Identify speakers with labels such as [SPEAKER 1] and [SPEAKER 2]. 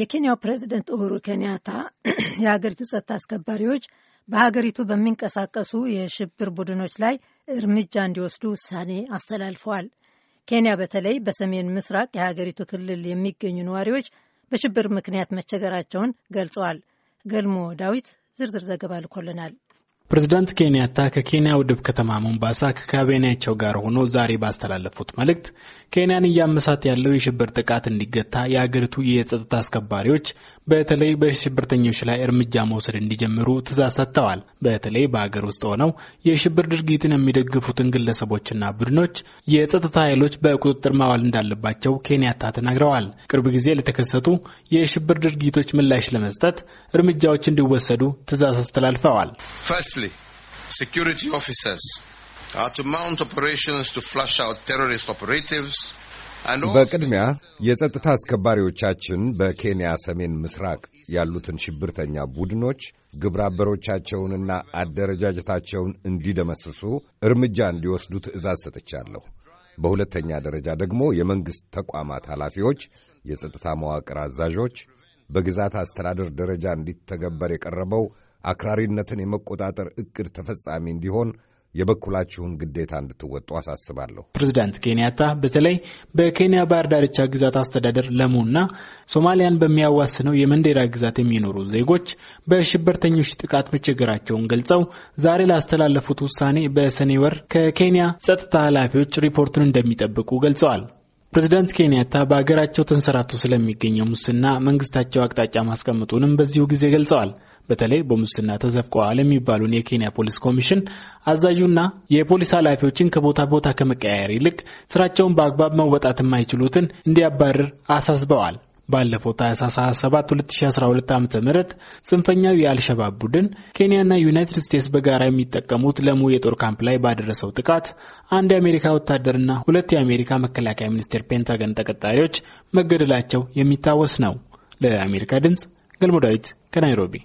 [SPEAKER 1] የኬንያው ፕሬዚደንት ኡሁሩ ኬንያታ የሀገሪቱ ጸጥታ አስከባሪዎች በሀገሪቱ በሚንቀሳቀሱ የሽብር ቡድኖች ላይ እርምጃ እንዲወስዱ ውሳኔ አስተላልፈዋል። ኬንያ በተለይ በሰሜን ምስራቅ የሀገሪቱ ክልል የሚገኙ ነዋሪዎች በሽብር ምክንያት መቸገራቸውን ገልጸዋል። ገልሞ ዳዊት ዝርዝር ዘገባ ልኮልናል።
[SPEAKER 2] ፕሬዝዳንት ኬንያታ ከኬንያ ውድብ ከተማ ሞምባሳ ከካቢኔያቸው ጋር ሆኖ ዛሬ ባስተላለፉት መልእክት ኬንያን እያመሳት ያለው የሽብር ጥቃት እንዲገታ የአገሪቱ የጸጥታ አስከባሪዎች በተለይ በሽብርተኞች ላይ እርምጃ መውሰድ እንዲጀምሩ ትዕዛዝ ሰጥተዋል። በተለይ በአገር ውስጥ ሆነው የሽብር ድርጊትን የሚደግፉትን ግለሰቦችና ቡድኖች የጸጥታ ኃይሎች በቁጥጥር ማዋል እንዳለባቸው ኬንያታ ተናግረዋል። ቅርብ ጊዜ ለተከሰቱ የሽብር ድርጊቶች ምላሽ ለመስጠት እርምጃዎች እንዲወሰዱ ትዛዝ አስተላልፈዋል።
[SPEAKER 3] ሴኩሪቲ ኦፊሰርስ are to mount operations to flush በቅድሚያ የጸጥታ አስከባሪዎቻችን በኬንያ ሰሜን ምስራቅ ያሉትን ሽብርተኛ ቡድኖች ግብረ አደረጃጀታቸውን እንዲደመስሱ እርምጃ እንዲወስዱ ትዕዛዝ ሰጥቻለሁ። በሁለተኛ ደረጃ ደግሞ የመንግሥት ተቋማት ኃላፊዎች፣ የጸጥታ መዋቅር አዛዦች በግዛት አስተዳደር ደረጃ እንዲተገበር የቀረበው አክራሪነትን የመቆጣጠር ዕቅድ ተፈጻሚ እንዲሆን የበኩላችሁን ግዴታ እንድትወጡ አሳስባለሁ።
[SPEAKER 2] ፕሬዚዳንት ኬንያታ በተለይ በኬንያ ባህር ዳርቻ ግዛት አስተዳደር ለሙና ሶማሊያን በሚያዋስነው የመንዴራ ግዛት የሚኖሩ ዜጎች በሽብርተኞች ጥቃት መቸገራቸውን ገልጸው ዛሬ ላስተላለፉት ውሳኔ በሰኔ ወር ከኬንያ ጸጥታ ኃላፊዎች ሪፖርቱን እንደሚጠብቁ ገልጸዋል። ፕሬዚዳንት ኬንያታ በሀገራቸው ተንሰራቶ ስለሚገኘው ሙስና መንግስታቸው አቅጣጫ ማስቀምጡንም በዚሁ ጊዜ ገልጸዋል። በተለይ በሙስና ተዘፍቀዋል የሚባሉን የኬንያ ፖሊስ ኮሚሽን አዛዡና የፖሊስ ኃላፊዎችን ከቦታ ቦታ ከመቀያየር ይልቅ ስራቸውን በአግባብ መወጣት የማይችሉትን እንዲያባርር አሳስበዋል። ባለፈው ታህሳስ 27 2012 ዓ ም ጽንፈኛው የአልሸባብ ቡድን ኬንያና ዩናይትድ ስቴትስ በጋራ የሚጠቀሙት ለሙ የጦር ካምፕ ላይ ባደረሰው ጥቃት አንድ የአሜሪካ ወታደርና ሁለት የአሜሪካ መከላከያ ሚኒስቴር ፔንታገን ተቀጣሪዎች መገደላቸው የሚታወስ ነው። ለአሜሪካ ድምፅ ገልሞ ዳዊት ከናይሮቢ